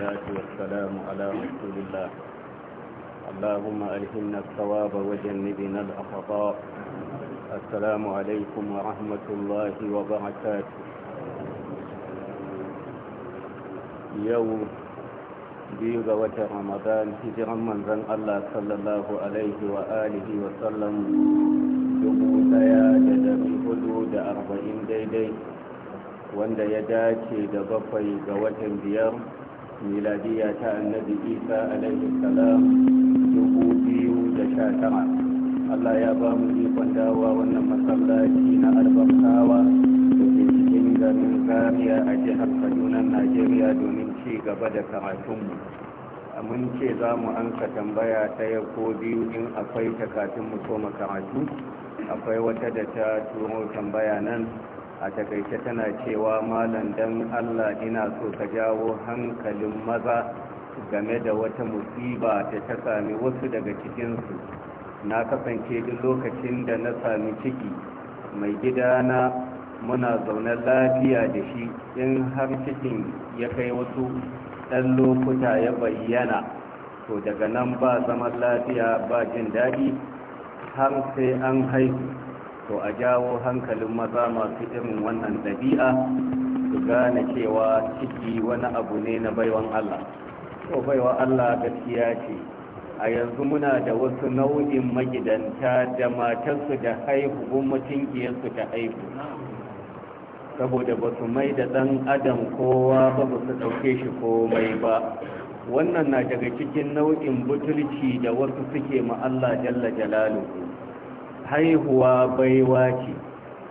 والصلاة والسلام على رسول الله اللهم ألهمنا الثواب وجنبنا الأخطاء السلام عليكم ورحمة الله وبركاته يوم biyu ga watan ramadan hijiran manzan allah sallallahu alaihi wa wa sallam dubu daya da dari hudu da arba'in daidai wanda ya dace da bakwai ga watan biyar miladiya ta annabi isa alaihi salam dubu biyu da sha tara allah ya ba mu ikon dawa wannan masallaci na albarkawa da cikin garin zaria a jihar kaduna najeriya domin ci gaba da karatunmu mun ce za mu ansa tambaya ta ko biyu in akwai takatun mu so makaratu akwai wata da ta turo tambaya nan a takaice tana cewa malam dan allah ina so ka jawo hankalin maza game da wata musiba ta ta sami wasu daga cikinsu na kasance duk lokacin da na sami ciki mai gidana muna zaune lafiya da shi in har cikin ya kai wasu ɗan lokuta ya bayyana to daga nan ba zaman lafiya ba jin daɗi har sai an haihu to a jawo hankalin maza masu irin wannan ɗabi'a su gane cewa ciki wani abu ne na baiwan Allah to baiwa Allah gaskiya ce a yanzu muna da wasu nau'in magidanta da matarsu da haihu gumatin su ta haihu saboda ba su mai da ɗan adam kowa ba su ɗauke shi komai ba wannan na daga cikin nau'in butulci da wasu suke ma Allah jalla jalaluhu haihuwa baiwa ce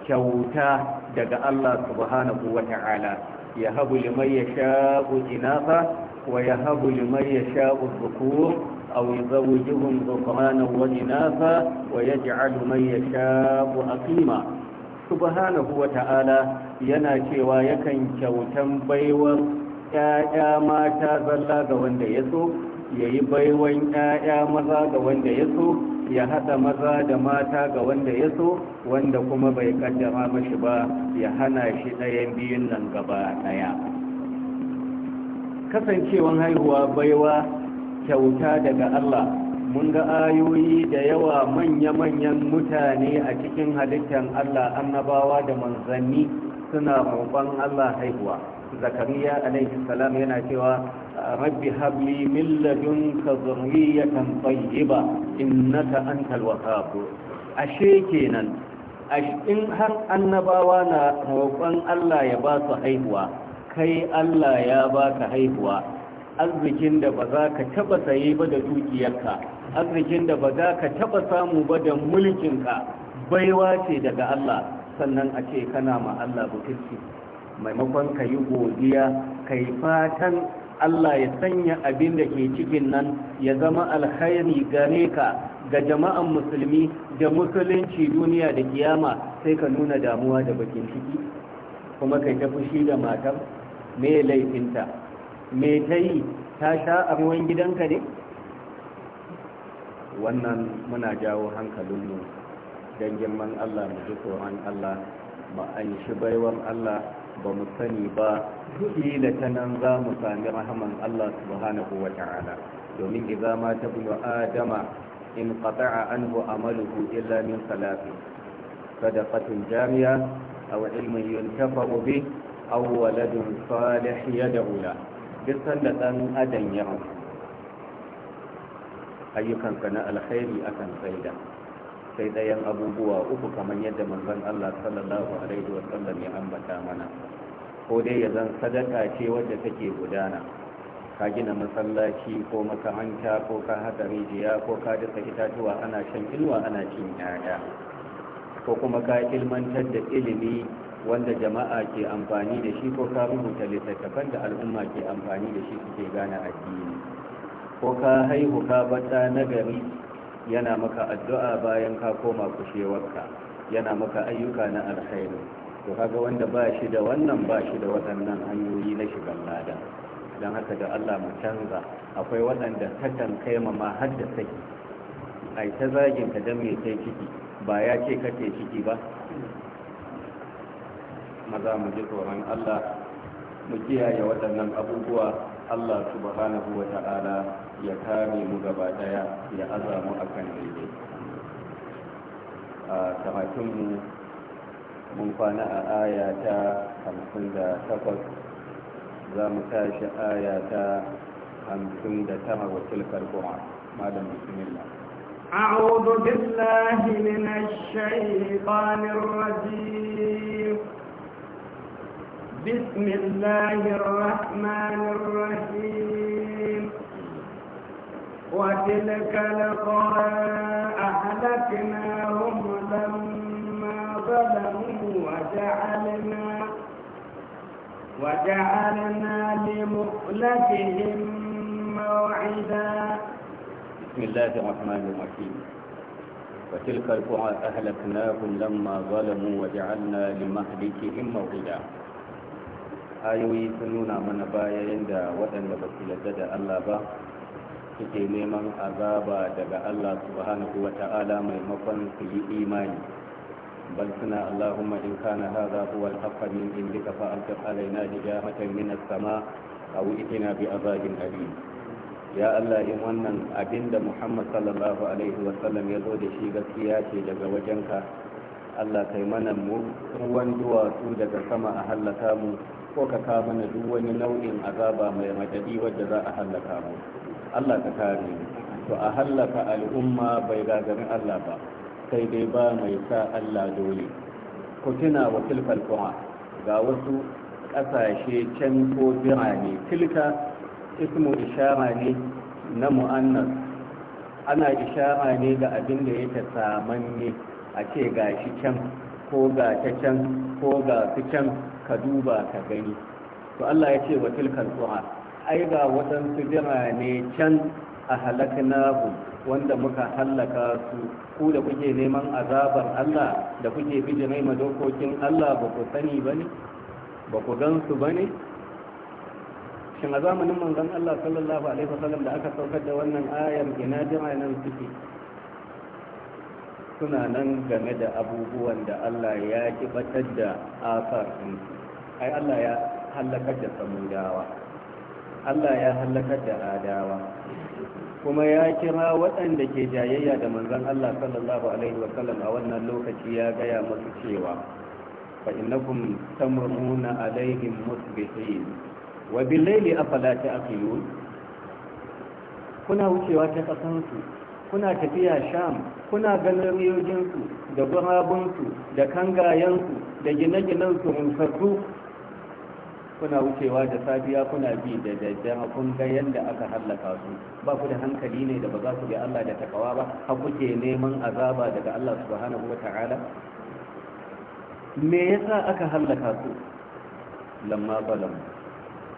kyauta daga Allah subhanahu wa ta'ala ya habu liman ya sha'u inafa wa ya habu liman ya sha'u zukur aw yuzawwijuhum dhukrana wa inafa wa yaj'alu man yasha'u aqima subhanahu wa ta'ala yana cewa yakan kyautan baiwar ƴaƴa mata zalla ga wanda ya so yayi baiwan ƴaƴa maza ga wanda ya so ya haɗa maza da mata ga wanda ya so wanda kuma bai kaddama mashi ba ya hana shi ɗayan biyun nan gaba ɗaya kasancewan haihuwa baiwa kyauta daga Allah mun ga ayoyi da yawa manya-manyan mutane a cikin halittar Allah annabawa da manzanni suna roƙon Allah haihuwa zakariya alaihi salam yana cewa rabbi habli min ladunka zurriyatan tayyiba innaka antal wahhab ashe kenan in har annabawa na roƙon Allah ya ba su haihuwa kai Allah ya ba ka haihuwa arzikin da ba za ka taɓa saye ba da dukiyarka arzikin da ba za ka taɓa samu ba da mulkinka baiwa ce daga Allah sannan a ce kana ma Allah butulci maimakon ka yi godiya ka yi fatan Allah ya sanya abin da ke cikin nan ya zama alkhairi gare ka ga jama'an musulmi da musulunci duniya da kiyama sai ka nuna damuwa da bakin ciki kuma kai ta fushi da matar me laifinta me ta yi ta sha a ruwan gidanka ne wannan muna jawo hankalinmu don girman Allah mu ji tsoron Allah mu an shi baiwar Allah ba mu sani ba kila ta nan za mu sami rahaman Allah subhanahu wa ta'ala domin idza ma tabnu adama in qata'a anhu amaluhu illa min salafi sadaqatun jami'a aw ilmin yuntafa'u bih aw waladun salih yad'u la duk sanda dan adam ya ayyukan na alkhairi akan saida sai ɗayan abubuwa uku kamar yadda manzon Allah sallallahu alaihi wa sallam ya ambata mana ko dai ya zan sadaka ce wadda take gudana ka gina masallaci ko makamanta ko ka haɗa rijiya ko ka dasa itatuwa ana shan inuwa ana cin yaya ko kuma ka ilmantar da ilimi wanda jama'a ke amfani da shi ko ka rubuta littattafan da al'umma ke amfani da shi suke gane addini ko ka haihu ka bata nagari yana maka addu'a bayan ka koma kushewarka yana maka ayyuka na alkhairi to kaga wanda ba shi da wannan ba shi da waɗannan hanyoyi na shigan lada don haka da Allah mu canza akwai waɗanda takan kai ma ma har da saki ai ta zagin ka dan me kai ciki ba ya ce kake ciki ba maza mu ji tsoron Allah mu kiyaye waɗannan abubuwa Allah subhanahu wa ta'ala ya kare mu gaba daya ya aza mu akan daidai a mu, mun kwana a aya ta 58 za mu tashi aya ta 59 da tilkar kuma malam bismillah أعوذ بالله من الشيطان الرجيم بسم الله الرحمن الرحيم وتلك القرى أهلكناهم لما ظلموا وجعلنا وجعلنا لمخلفهم موعدا بسم الله الرحمن الرحيم وتلك القرى أهلكناهم لما ظلموا وجعلنا لمهلكهم موعدا آيوي سنونا من بايا يندا ودن waɗanda الله su suke neman azaba daga Allah subhanahu wa ta'ala maimakon su yi imani bal suna Allahumma in kana hadha huwa al-haqqa min indika fa amtir alaina hijamatan min as-sama aw itina bi azabin alim ya Allah in wannan abinda Muhammad sallallahu alaihi wa sallam ya zo da shi gaskiya ce daga wajenka Allah kai mana mu ruwan duwatsu daga sama a hallaka mu ko ka ka mana duk wani nau'in azaba mai madadi wadda za a hallaka mu Allah ka kare to a hallaka al'umma bai gagarin Allah ba sai dai ba mai sa Allah dole ku tuna wa tilkal kuma ga wasu ƙasashe can ko birane tilka ismu ishara ne na mu'annas ana ishara ne ga abin da yake samanne a ce ga shi can ko ga ta can ko ga su can ka duba ka gani to Allah ya ce wa tilkal kuma ai ga waɗansu birane can a halaknahu wanda muka hallaka su ku da kuke neman azabar Allah da kuke mai madokokin Allah ba ku sani ba ne ba ku gan su ba ne shin a zamanin manzon Allah sallallahu alaihi wasallam da aka saukar da wannan ayar ina nan suke suna nan game da abubuwan da Allah ya ki batar da asar ai Allah ya halakar da samudawa Allah ya halakar da adawa kuma ya kira waɗanda ke jayayya da manzan Allah sallallahu alaihi wasallam a wannan lokaci ya gaya masu cewa fa innakum tamruna alaihim musbihin wa bil layli afala ta'qilun kuna wucewa ta kasan su kuna tafiya sham kuna ganin riyojinsu da gurabunsu da kangayensu da gine-ginensu rumsassu kuna wucewa da safiya kuna bi da daddare kun ga yadda aka hallaka su ba ku da hankali ne da ba za ku bi Allah da takawa ba har kuke neman azaba daga Allah subhanahu wa ta'ala me yasa aka hallaka su lamma balam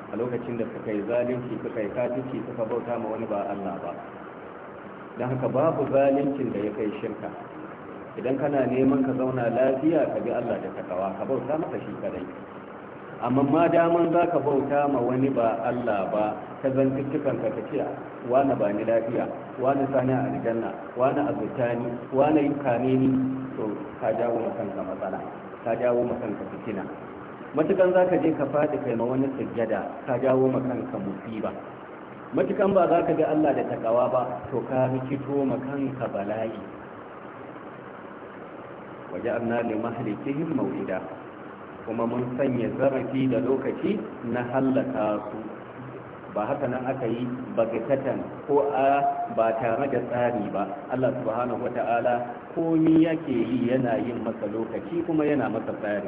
a lokacin da suka yi zalunci suka yi kafirci suka bauta ma wani ba Allah ba don haka babu zaluncin da ya kai shirka idan kana neman ka zauna lafiya ka bi Allah da takawa ka bauta masa shi kadai amma ma daman za ka bauta ma wani ba Allah ba ka zantuttukan ka ta ce wani ba ni lafiya wani sani a aljanna wani a ni wani kame ni to ka jawo ma kanka matsala ka jawo ma kanka fitina matukan za ka je ka faɗi kai ma wani sujjada ka jawo ma kanka musiba matukan ba za ka ga Allah da takawa ba to ka rikito ma kanka bala'i waje amna li mahlikihim maw'ida kuma mun sanya zarafi da lokaci na hallaka su ba haka nan aka yi bagatatan ko a ba tare da tsari ba Allah subhanahu wata'ala komi yake yi yana yin masa lokaci kuma yana masa tsari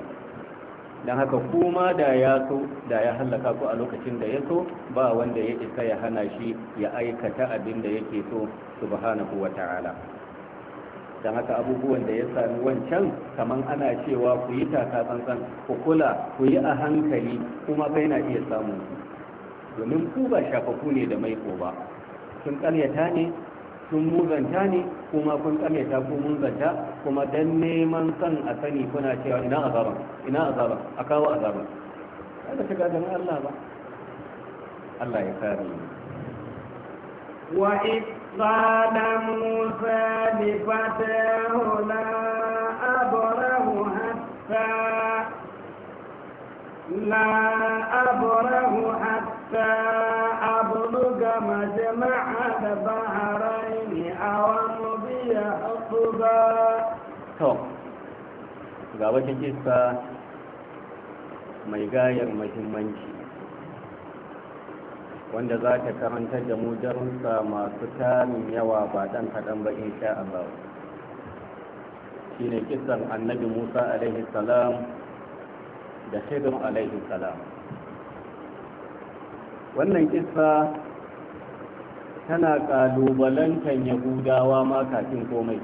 don haka kuma da ya so da ya hallaka ku a lokacin da ya so ba wanda ya isa ya hana shi ya aikata abin da yake so subhanahu wata'ala don haka abubuwan da ya sami wancan kamar ana cewa ku yi taka tsantsan ku kula ku yi a hankali kuma kai na iya samun domin ku ba shafafu ne da maiko ba sun karyata ne sun muzanta ne kuma kun karyata ko muzanta kuma dan neman san a sani kuna cewa ina azaban ina azaban a kawo azaban kada shiga don Allah ba Allah ya kare ni wa قال موسى لفتاه لا أبره حتى لا أبره حتى أبلغ مجمع البحرين أو أمضي حقبا ga wata kisa mai gayar mahimmanci wanda za ta karantar da mu darussa masu tarin yawa ba dan kaɗan ba insha Allah shine kisan annabi Musa alaihi salam da Khidir alaihi salam wannan kissa tana kalubalantar yahudawa ma kafin komai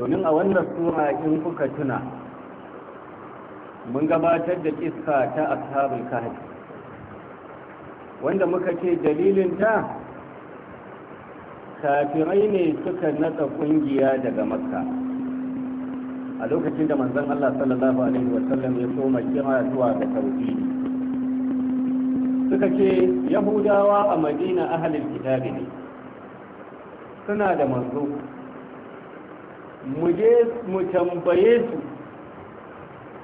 domin a wannan sura in kuka tuna mun gabatar da kissa ta ashabul kahfi wanda muka ce dalilin ta kafirai ne suka nasa kungiya daga makka a lokacin da manzan Allah sallallahu alaihi wasallam ya soma kira zuwa ga tauhidi suka ce yahudawa a madina ahalin kitabi ne suna da manzo mu tambaye su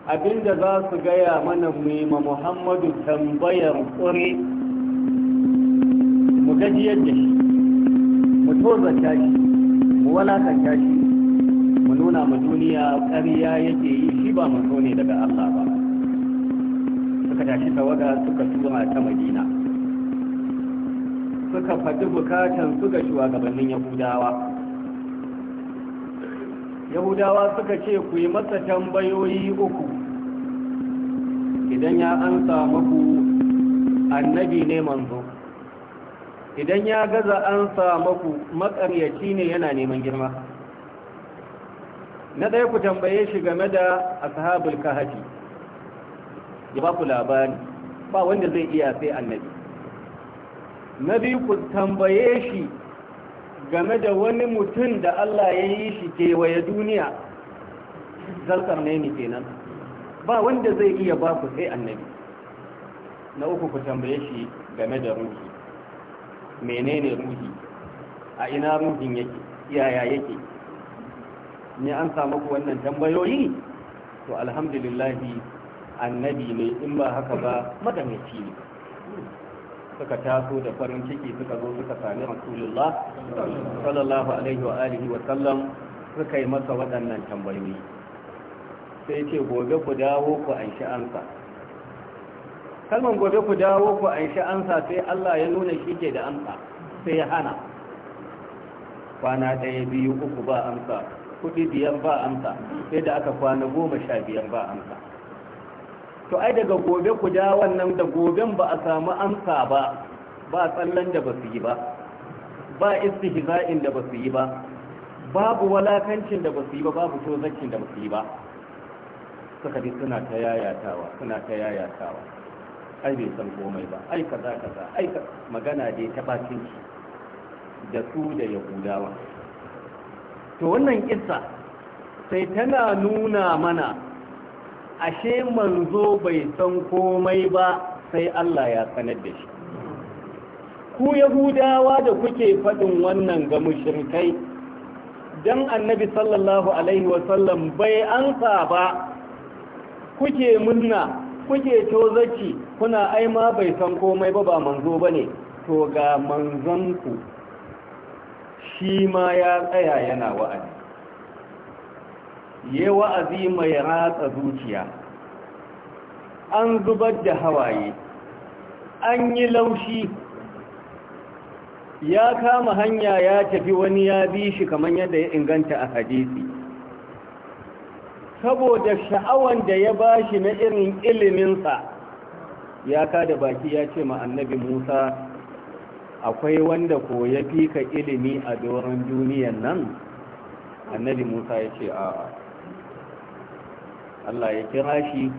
abinda za su gaya mana mu yi ma muhammadu tambayar ƙuri gajiyar da shi mu tozarta shi mu walakanta shi mu nuna mu duniya ƙarya yake yi shi ba mu so ne daga Allah ba suka tashi tawaga suka tura ta Madina suka faɗi bukatan suka shuwa gabanin Yahudawa Yahudawa suka ce ku yi masa tambayoyi uku idan ya ansa ku, annabi ne manzo idan ya gaza an samaku makaryaci ne yana neman girma na ɗaya ku tambaye shi game da ashabul kahfi ya ba ku labari ba wanda zai iya sai annabi na biyu ku tambaye shi game da wani mutum da Allah ya yi shi kewaye duniya zarkar ne ni kenan ba wanda zai iya ba ku sai annabi na uku ku tambaye shi game da ruhi menene ruhi a ina ruhin yake iyaya yake ne an samu ku wannan tambayoyi to alhamdulillahi annabi ne in ba haka ba madamaci ne suka taso da farin ciki suka zo suka sami rasulullah sallallahu alaihi wa alihi wa sallam suka yi masa waɗannan tambayoyi sai ce gobe ku dawo ku an ansa. kalman gobe ku dawo ku an ansa sai Allah ya nuna shi ke da amsa sai ya hana kwana ɗaya biyu uku ba amsa kuɗi biyan ba amsa sai da aka kwana goma sha biyan ba amsa to ai daga gobe ku da wannan da goben ba a samu amsa ba ba tsallan da ba su yi ba ba istihza'in da ba su yi ba babu walakancin da ba su yi ba babu tozaccin da ba su yi ba suka bi suna ta yayatawa suna ta yayatawa ai bai san komai ba ai kaza kaza ai magana dai ta bakin shi da su da yahudawa to wannan kissa sai tana nuna mana ashe manzo bai san komai ba sai Allah ya sanar da shi ku yahudawa da kuke faɗin wannan ga mushrikai dan annabi sallallahu alaihi wasallam bai ansa ba kuke murna kuke zaki kuna ai ma bai san komai ba ba manzo ba ne to ga manzanku shi ma ya tsaya yana wa'azi Ye wa'azi mai ratsa zuciya an zubar da hawaye an yi laushi ya kama hanya ya tafi wani ya bi shi kamar yadda ya inganta a hadisi saboda sha'awan da ya ba shi na irin iliminsa ya ka da baki ya ce ma annabi musa akwai wanda ko ya fi ka ilimi a doron duniyan nan annabi musa ya ce a allah ya kira shi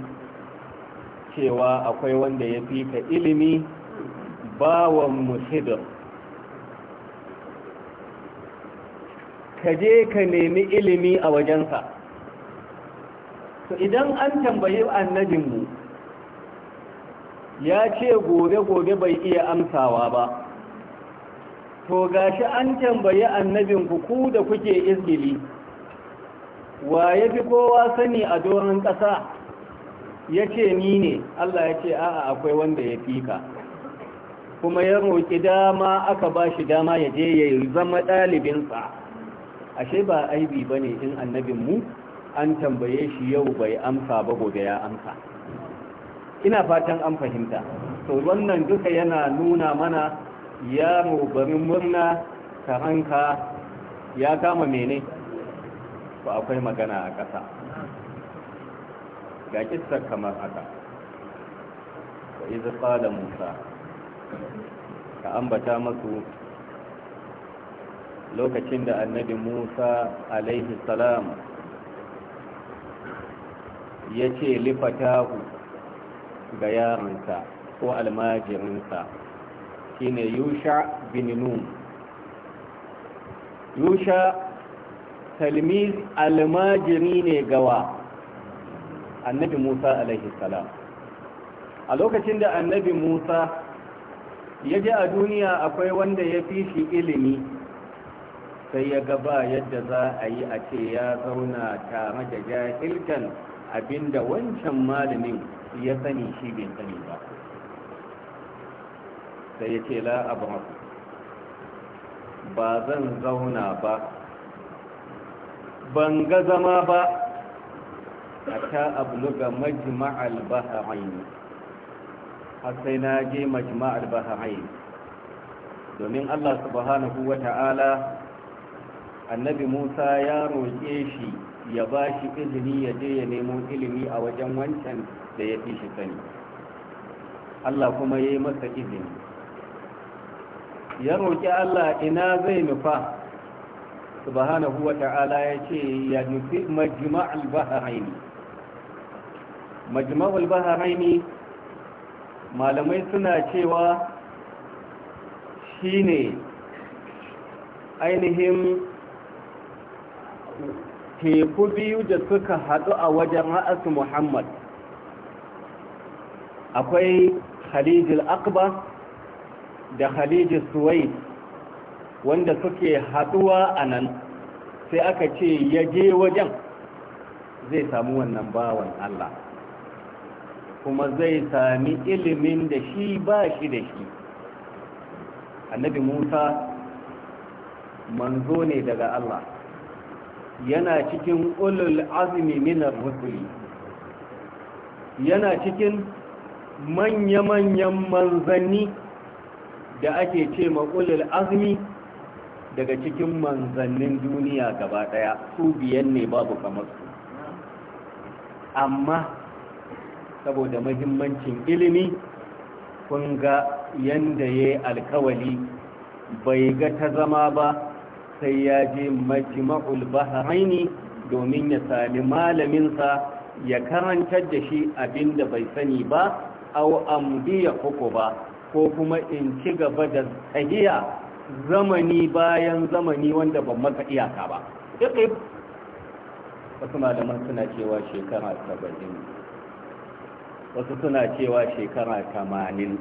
cewa akwai wanda ya fi ka ilimi bawan musidir ka je ka nemi ilimi a wajensa to idan an tambayi annabinmu ya ce gobe-gobe bai iya amsawa ba to gashi an tambayi annabinku ku da kuke izgili wa ya fi kowa sani a doron ƙasa ya ce ni ne Allah ya ce a'a akwai wanda ya fika kuma ya roƙi dama aka ba shi dama ya je ya zama ɗalibinsa ashe ba aibi ba ne in annabinmu an tambaye shi yau bai amsa ba gobe ya amsa ina fatan an fahimta to wannan duka yana nuna mana ya bari murna hanka ya kama mene ba akwai magana a ƙasa ga kistar kamar haka wa da musa ka ambata masu lokacin da annabi musa alaihi salam ya ce lifatahu ga yaransa ko almajirinsa shine yusha bin nun yusha talmiz almajiri ne gawa annabi musa alaihi salam a lokacin da annabi musa ya ji a duniya akwai wanda ya fi shi ilimi sai ya gaba yadda za a yi a ce ya zauna tare da jahilkan abinda wancan malamin ya sani shi bai sani ba sai ya ce la abu ba zan zauna ba ban ga zama ba a ta abluga majma'al baharai har sai na je majma'al baharai domin allah subhanahu wa ta'ala annabi musa ya roƙe shi ya ba shi izini ya je ya nemo ilimi a wajen wancan da ya fi shi sani Allah kuma ya yi masa izini ya roƙi Allah ina zai nufa subhanahu wa ta'ala ya ce ya nufi majma'ul baharaini majma'ul baharaini malamai suna cewa shine ainihin teku biyu da suka haɗu a wajen ra'asu muhammad akwai khalijil akbar da khalijil suwaid wanda suke haɗuwa a nan sai aka ce ya je wajen zai samu wannan bawan allah kuma zai sami ilimin da shi ba shi da shi annabi musa manzo ne daga allah yana cikin ulul azmi minar rusuli yana cikin manya-manyan manzanni da ake ce ma ulul azmi daga cikin manzannin duniya gaba daya su biyan ne babu kamar su amma saboda mahimmancin ilimi kun ga yanda ya yi alkawali bai ga ta zama ba sai ya je majma'ul bahraini domin ya sami malaminsa ya karantar da shi abin da bai sani ba au amdiya huku ba ko kuma in ci gaba da tsahiya zamani bayan zamani wanda ban maka iyaka ba duk wasu malaman suna cewa shekara saba'in wasu suna cewa shekara tamanin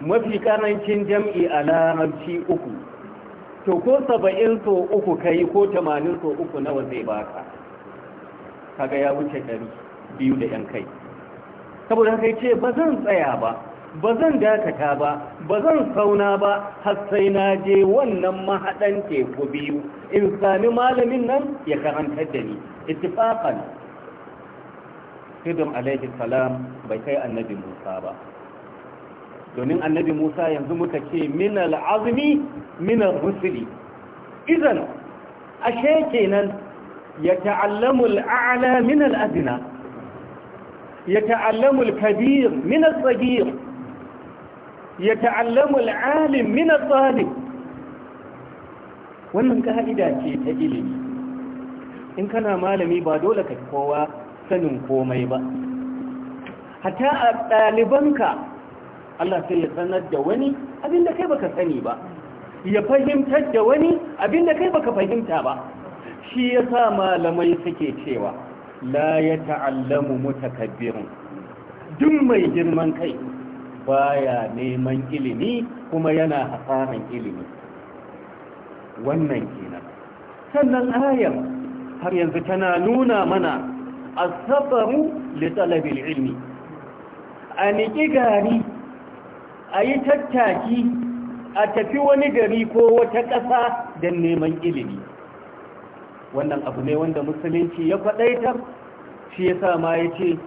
mafi karancin jam'i a larabci uku to ko saba'in so uku ka yi ko tamanin so uku nawa zai baka kaga ya wuce ɗari biyu da yan kai saboda haka ce ba zan tsaya ba ba zan dakata ba ba zan sauna ba har sai na je wannan mahaɗan teku biyu in sami malamin nan ya karantar da ni ittifaqan Sidon alaihi salam bai kai annabi Musa ba domin annabi Musa yanzu muka ce min al'azmi min al idan ashe nan ya ta'allamu al'ala min ya ta'allamu al-kabir min al ya ta'allamu al min wannan ka'ida ce ta ilimi in kana malami ba dole ka kowa sanin komai ba hata a ɗalibanka Allah sai ya sanar da wani abinda kai baka sani ba ya fahimtar da wani abinda kai baka fahimta ba shi yasa malamai suke cewa la ya ta'allamu Kabiru. duk mai girman kai baya neman ilimi kuma yana hasaran ilimi wannan kenan sannan ayar har yanzu tana nuna mana asabaru li talabil ilmi a gari a yi tattaki a tafi wani gari ko wata ƙasa don neman ilimi wannan abu ne wanda musulunci ya faɗaitar shi ya sa ma ya ce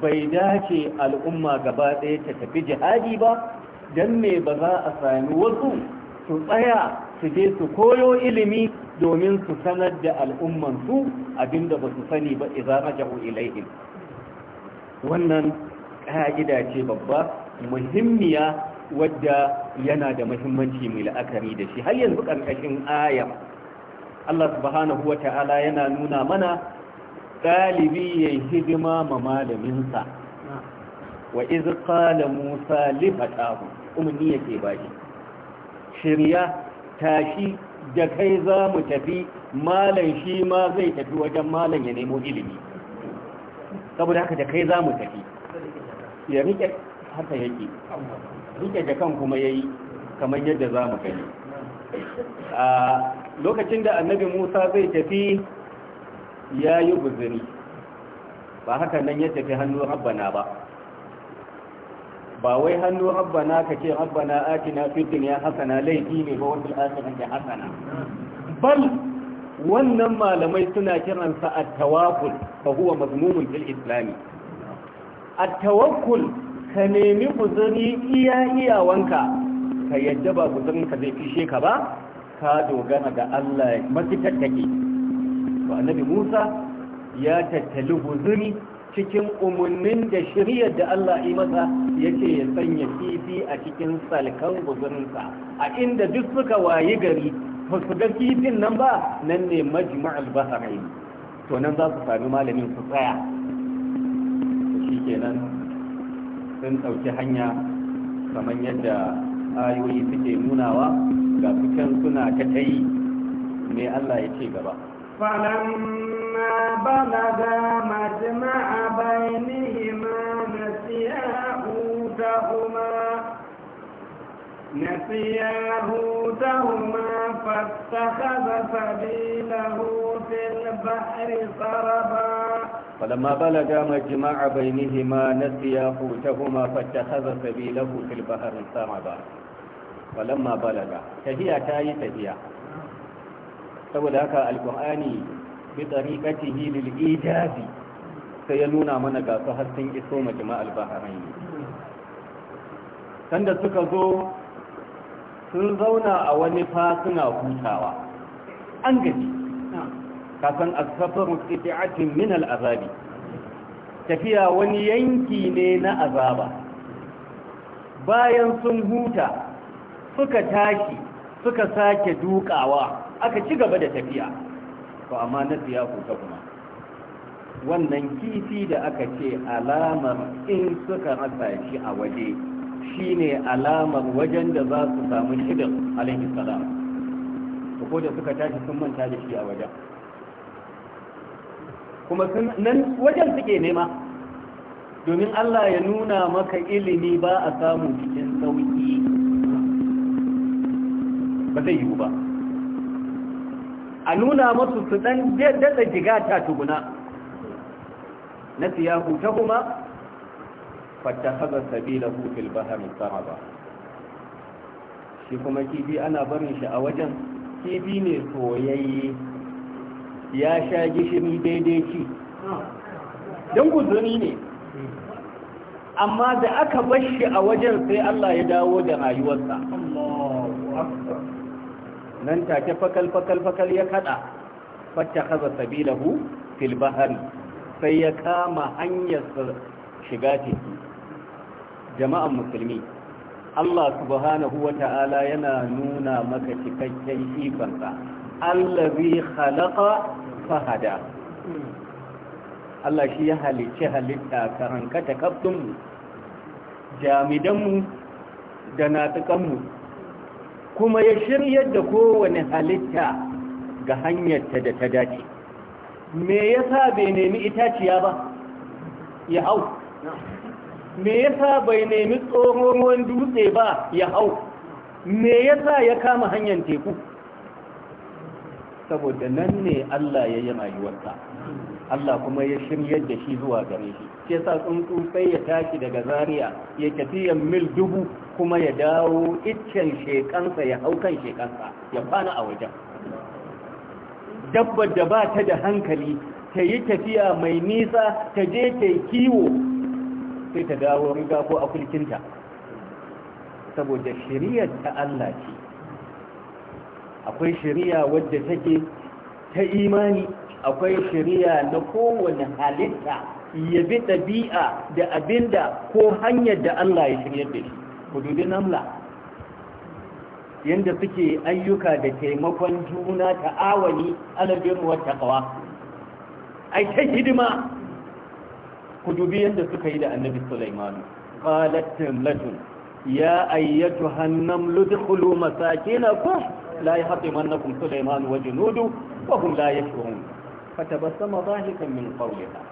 bai dace al'umma gaba ɗaya ta tafi jihadi ba don me ba za a sami wasu su tsaya su je su koyo ilimi domin su sanar da al'ummansu abinda ba su sani ba idan ja'u ilaihim wannan ƙa'ida ce babba muhimmiya wadda yana da muhimmanci mai la'akari da shi har yanzu ƙarƙashin ayam Allah subhanahu wa ta'ala yana nuna mana ɗalibi ya hidima ma malaminsa wa iz ƙala musa li fatahu umni yake bashi shirya tashi da kai za mu tafi malam shi ma zai tafi wajen malam ya nemo ilimi saboda haka da kai za mu tafi ya rike haka yake rike kan kuma yayi kamar yadda za mu gani a lokacin da annabi musa zai tafi ya yi guzuri ba haka nan ya tafi hannu rabbana ba ba wai hannu rabbana ka ce rabbana na fid ya hasana laifi ne ba asirin ya hasana bal wannan malamai suna kiransa at-tawakkul fa huwa mazmumun fil islam at-tawakkul ka nemi guzuri iya iyawanka ka yadda ba ka zai fishe ka ba ka dogara ga Allah mafitar take to annabi Musa ya tattali guzuri cikin umarnin da shiryar da Allah yi masa ce ya sanya kifi a cikin salkan guzurinsa a inda duk suka wayi gari ba su ga kifin nan ba nan ne majma'ul bahrain to nan za su sami malamin su tsaya shi sun ɗauki hanya kamar yadda ayoyi suke nunawa ga fitan suna ta tayi mai Allah ya ce gaba. Falamma balaga majma'a bainihima nasiya hutahuma nasiya hutahuma fattakhadha sabilahu fil bahri saraba فلما بلغا مجمع بينهما نسيا حوتهما فاتخذ سبيله في البحر سربا فلما بلغا تهيا تاي تهيا saboda haka alkur'ani bi tariqatihi lil ijabi sai ya nuna mana ga su har sun iso majma'al bahrain sanda suka zo sun zauna a wani fa suna hutawa an gaji kasan asafaru qita'atin min al'azabi tafiya wani yanki ne na azaba bayan sun huta suka tashi suka sake dukawa aka ci gaba da tafiya to amma na siya kuka kuma wannan kifi da aka ce alamar in suka rasa shi a waje shine alamar wajen da za su samu da alaihi salam ko da suka tashi sun manta da shi a wajen kuma nan wajen suke nema domin Allah ya nuna maka ilimi ba a samu cikin sauki ba zai yiwu ba a nuna masu su dan daɗa ta tuguna na siyahu ta kuma fata haza sabila hufil bahari sama ba shi kuma kifi ana barin shi a wajen kifi ne soyayye ya sha gishiri daidai ci don guzuri ne amma da aka bashi a wajen sai Allah ya dawo da rayuwarsa nan take fakal fakal fakal ya kada fata haza sabilahu fil bahari sai ya kama hanyar shiga teku jama'an musulmi Allah subhanahu wa ta'ala yana nuna maka cikakken sifansa allazi khalaqa fahada Allah shi ya halicci halitta karanka ta kaftinmu jamidanmu da natukanmu kuma ya shiryar da kowane halitta ga hanyarta da ta dace me yasa bai nemi itaciya ba ya hau me yasa bai nemi tsohon ruwan dutse ba ya hau me yasa ya kama hanyar teku saboda nan ne Allah ya yi rayuwarsa Allah kuma ya shirya da shi zuwa gare shi ke sa tsuntsu sai ya tashi daga Zariya ya tafi mil dubu kuma ya dawo iccen shekansa ya hau kan shekansa ya kwana a wajen Dabba da ba ta da hankali ta yi tafiya mai nisa ta je ta yi kiwo sai ta dawo riga ko a kulkinta saboda shiriyar ta Allah ce akwai shari'a wadda take ta imani akwai shari'a na kowane halitta ya bi ɗabi'a da abinda ko hanyar da Allah ya shirya da shi ku namla yadda suke ayyuka da taimakon juna ta'awani alabin wa taqwa ai ta hidima ku dubi yadda suka yi da annabi Sulaiman qalat tamlatun ya ayyatu hannam ludkhulu masakinakum la yahtimannakum sulayman wa junudu wa hum la yashurun fatabassama dhahikan min qawliha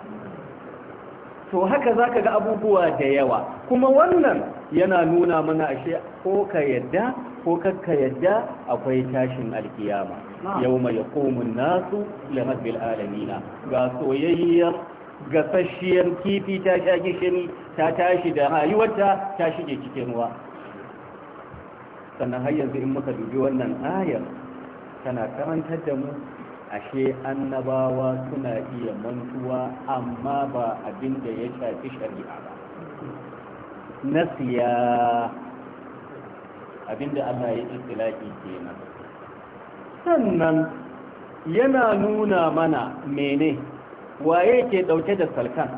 to haka zaka ga abubuwa da yawa kuma wannan yana nuna mana ashe ko ka yadda ko kakka yadda akwai tashin alkiyama yawma yaqumun nasu li rabbil alamin ga soyayya. gasasshiyar kifi ta sha gishiri ta tashi da rayuwarta ta shige cikin ruwa sannan har yanzu in muka dubi wannan ayar tana karantar da mu ashe annabawa suna iya mantuwa amma ba abin da ya shafi shari'a ba nasiya abin da Allah ya istilaki kenan sannan yana nuna mana mene waye ke dauke da salkan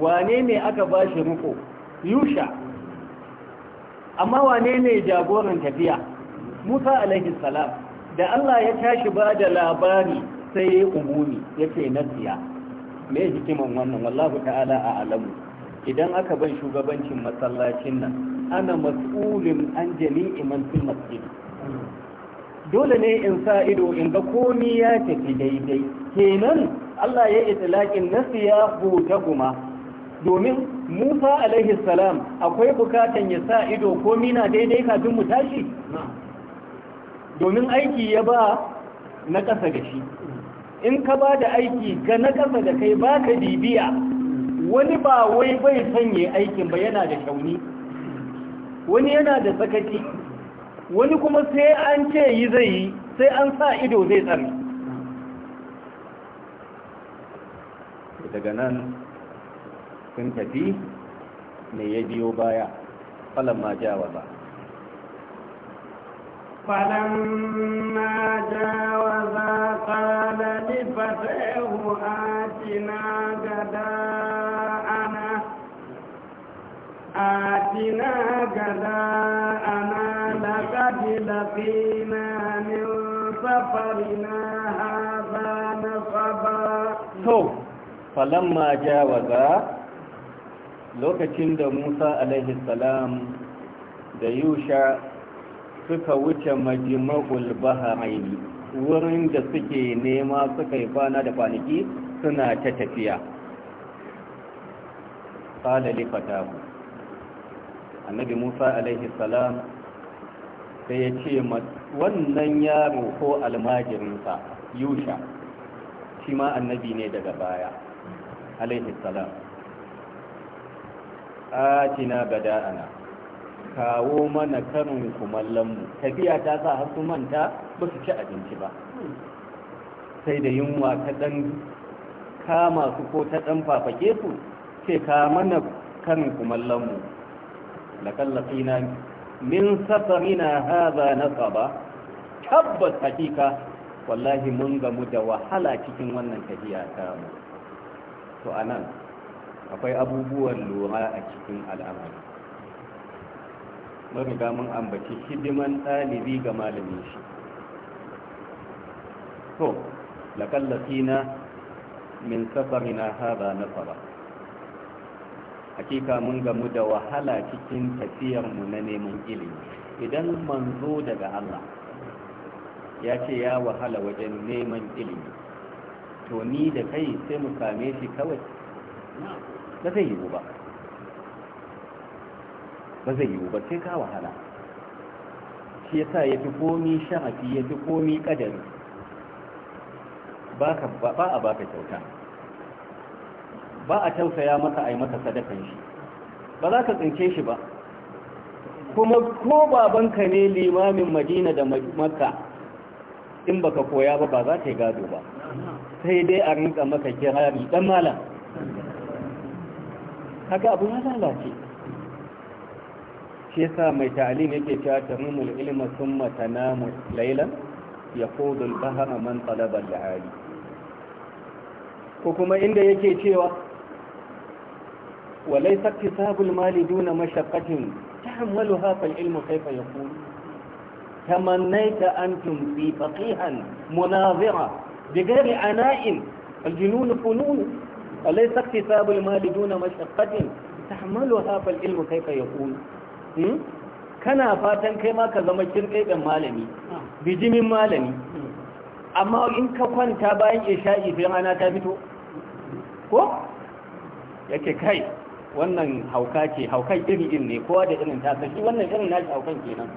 wane ne aka ba shi muku? yusha amma wane ne jagoran tafiya musa alaihi salam da Allah ya tashi ba da labari sai ya umumi na siya. mai hikiman wannan wallahu ta'ala a alamu idan aka ban shugabancin masallacin nan ana mas'ulin an jami'i man masjidi. dole ne in sa ido in ga komi ya tafi daidai kenan Allah ya yi itlaqin nasiya buta kuma domin Musa alaihi salam akwai bukatan ya sa ido komi na daidai kafin mu tashi domin aiki ya ba na ƙasa da shi in ka ba da aiki ga na ƙasa da kai ba ka bibiya wani ba wai bai sanye aikin ba yana da shauni wani yana da sakaci wani kuma sai an ce yi zai yi sai an sa ido zai tsami daga nan sun tafi mai ya biyo baya falon ba. falamma jawaza فلما جاوزا قال لفتاه آتنا غداءنا gada ana. قد لقينا من سفرنا هذا نصبا تو فلما جاوزا lokacin da musa alaihi salam da yusha suka wuce majima'ul baharaini wurin da suke nema suka yi kwana da kwanaki suna ta tafiya kala lifatahu annabi musa alaihi salam sai ya ce wannan yaro ko almajirinsa yusha shi ma annabi ne daga baya alaihi salam A atina ana kawo mana karin kumallonmu tafiya ta sa har su manta ba su ci abinci ba sai da yunwa ta ɗan kama su ko ta ɗan fafake su ce ka mana karin kumallonmu laƙallafi na min safarina haza nasaba tabbas hakika wallahi mun gamu da wahala cikin wannan tafiya ta mu to anan akwai abubuwan lura a cikin al'amari mun riga mun ambaci hidiman ɗalibi ga malamin shi to laƙallafina min safarina haza nasaba hakika mun gamu da wahala cikin tafiyarmu na neman ilimi idan manzo daga Allah ya ce ya wahala wajen neman ilimi to ni da kai sai mu same shi kawai ba zai yiwu ba ba zai yiwu ba sai ka wahala shi yasa ya fi komi sha'afi ya fi komi kadari ba a baka kyauta ba a tausaya masa a yi masa sadakan shi ba za ka tsince shi ba kuma ko babanka ne limamin madina da makka in baka koya ba ba za ta yi gado ba sai dai a rinka maka kirari dan malam haka abu ya lalace shi yasa mai ta'alim yake cewa tamimul ilma summa tanamu laylan yaqudul bahra man talaba al-ali ko kuma inda yake cewa وليس اكتساب المال دون مشقة تحملها فالعلم كيف يكون تمنيت أن تمسي فقيها مناظرة بغير عناء الجنون فنون وليس اكتساب المال دون مشقة تحملها فالعلم كيف يكون kana fatan kai ma ka zama kirkaiɗin malami bijimin malami amma in ka kwanta bayan isha'i sai rana ta fito ko yake kai wannan hauka ce haukan iri din ne kowa da irin tasa shi wannan irin nashi haukan kenan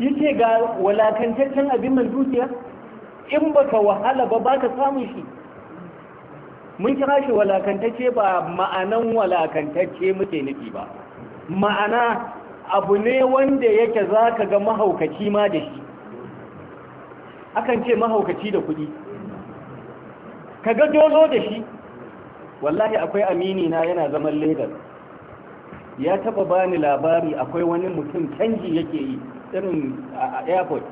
ce ga walakantaccen abin mai dukiya in ba ka wahala ba ba ka samun shi mun kira shi walakantacce ba ma'anan walakantacce muke nufi ba ma'ana abu ne wanda yake za ka ga mahaukaci ma da shi akan ce mahaukaci da kuɗi ka ga dolo da shi wallahi akwai amini na yana zaman ledar ya taba bani labari akwai wani mutum canji yake yi irin a airport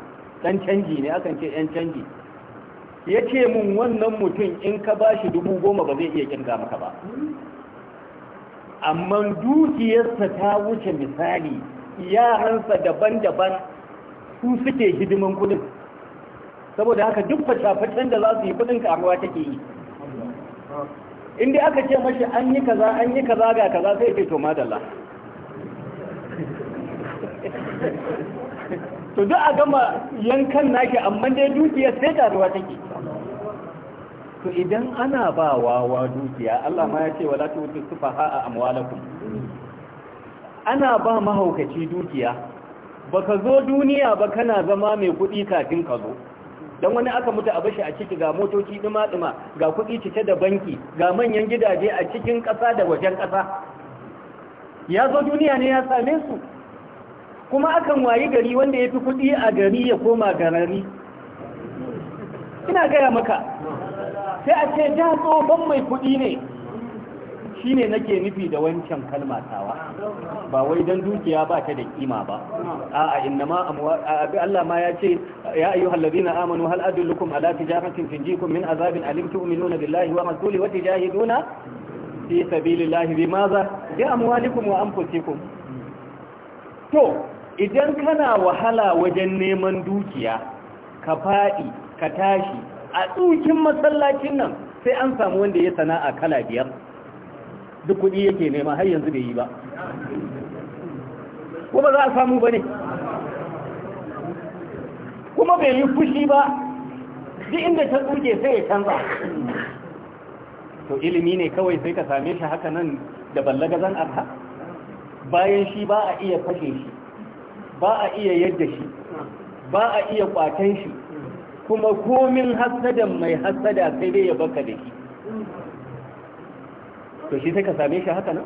dan canji ne akan ce yan canji ya ce mun wannan mutum in ka ba shi dubu goma ba zai iya kirga maka ba amma dukiyarsa ta wuce misali yaransa daban-daban su suke hidiman kudin saboda haka duk fata-fatan da za su yi kudin karuwa take yi Indi aka ce mashi an yi kaza an yi kaza ga kaza sai ke to madalla to duk a gama yankan naki, amma dai dukiya sai taruwa take to idan ana ba wawa dukiya Allah ma ya ce wala tu'tu sufaha a amwalakum ana ba mahaukaci dukiya baka zo duniya ba kana zama mai kuɗi kafin ka zo don wani aka mutu a bashi a ciki ga motoci dima-dima ga kuɗi cike da banki ga manyan gidaje a cikin ƙasa da wajen ƙasa ya zo duniya ne ya same su kuma akan wayi gari wanda ya fi kuɗi a gari ya koma garari ina gaya maka sai a ce da tsohon mai kuɗi ne ne nake nufi da wancan kalma tawa ba wai dan dukiya ba ta da kima ba a'a innama amwa abi Allah ma ya ce ya ayyuhal ladina amanu hal adullukum ala tijaratin tunjikum min azabin alim tu'minuna billahi wa rasulihi wa tujahiduna fi sabilillahi bimaza bi amwalikum wa anfusikum to idan kana wahala wajen neman dukiya ka fadi ka tashi a tsukin masallacin nan sai an samu wanda ya sana'a kala biyar duk kuɗi yake nema har yanzu bai yi ba kuma za a samu ba ne kuma bai yi fushi ba duk inda ta tsuke sai ya canza to ilimi ne kawai sai ka same shi haka nan da ballagazan arha bayan shi ba a iya fashe shi ba a iya yadda shi ba a iya kwaken shi kuma komin hasadan mai hasada sai dai ya baka da shi to shi sai ka same shi haka nan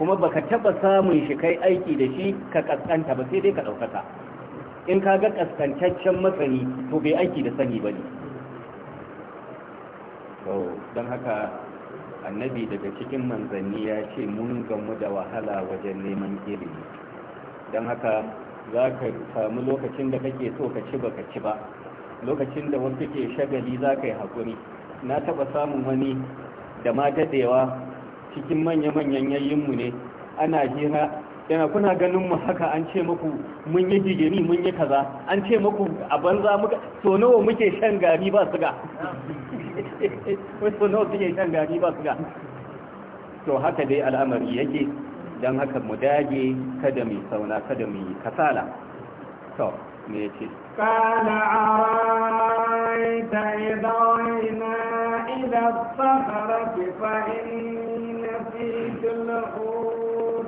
kuma ba ka taba samun shi kai aiki da shi ka kaskanta ba sai dai ka ɗaukata. in ka ga kaskantaccen matsani to bai aiki da sani ba ne don haka annabi daga cikin manzanni ya ce mun gamu da wahala wajen neman ilimi don haka za ka samu lokacin da kake so ka ci ba ka ci ba lokacin da wasu ke shagali za ka yi haƙuri na taba samun wani da mata da yawa cikin manya-manyan yayyinmu ne ana jira yana kuna ganin mu haka an ce muku mun yi digiri mun yi kaza an ce muku a banza muka so nawa muke shan gari ba suga so nawa suke shan gari ba suga to haka dai al'amari yake don haka mu dage kada mu sauna kada mai kasala to قال أرأيت إذا رينا إلى الصخرة فإن نسيت الحوت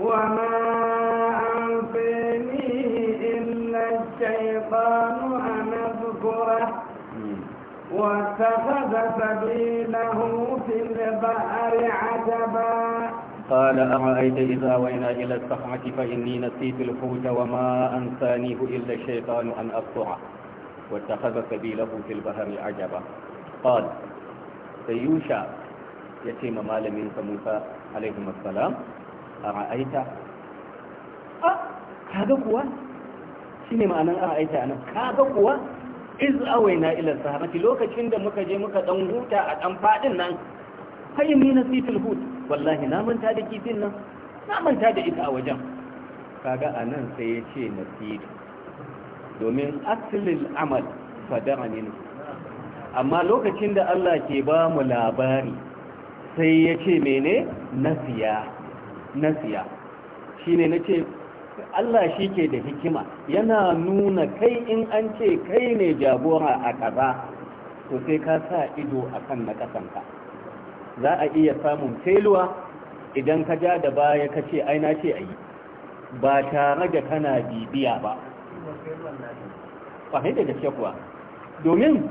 وما أنسيني إلا الشيطان أن أذكره واتخذ سبيله في البحر عجبا قال أرأيت إذا وإنا إلى الصحراء فإني نسيت الحوت وما أنسانيه إلا الشيطان أن أبصره واتخذ سبيله في البحر عجبا قال سيوشع يتيم مال منك موسى عليهما السلام أرأيت أه هذا هو shine ma'anan ara'aita nan kaga kuwa iz awaina ila sahabati lokacin da muka je muka dan huta a dan fadin nan ni na sifil hud wallahi na manta da kifin nan na manta da ita a wajen kaga a nan sai ya ce na sifil domin asilin amal fadara ne amma lokacin da Allah ke ba mu labari sai ya ce mene nasiya nasiya shine na ce Allah shi ke da hikima yana nuna kai in an ce kai ne jagora a kaza to sai ka sa ido a kan na ƙasanka za a iya samun feluwa idan ka ja da baya ka ce aina ce a yi ba tare da kana bibiya ba fahimta da gaske kuwa domin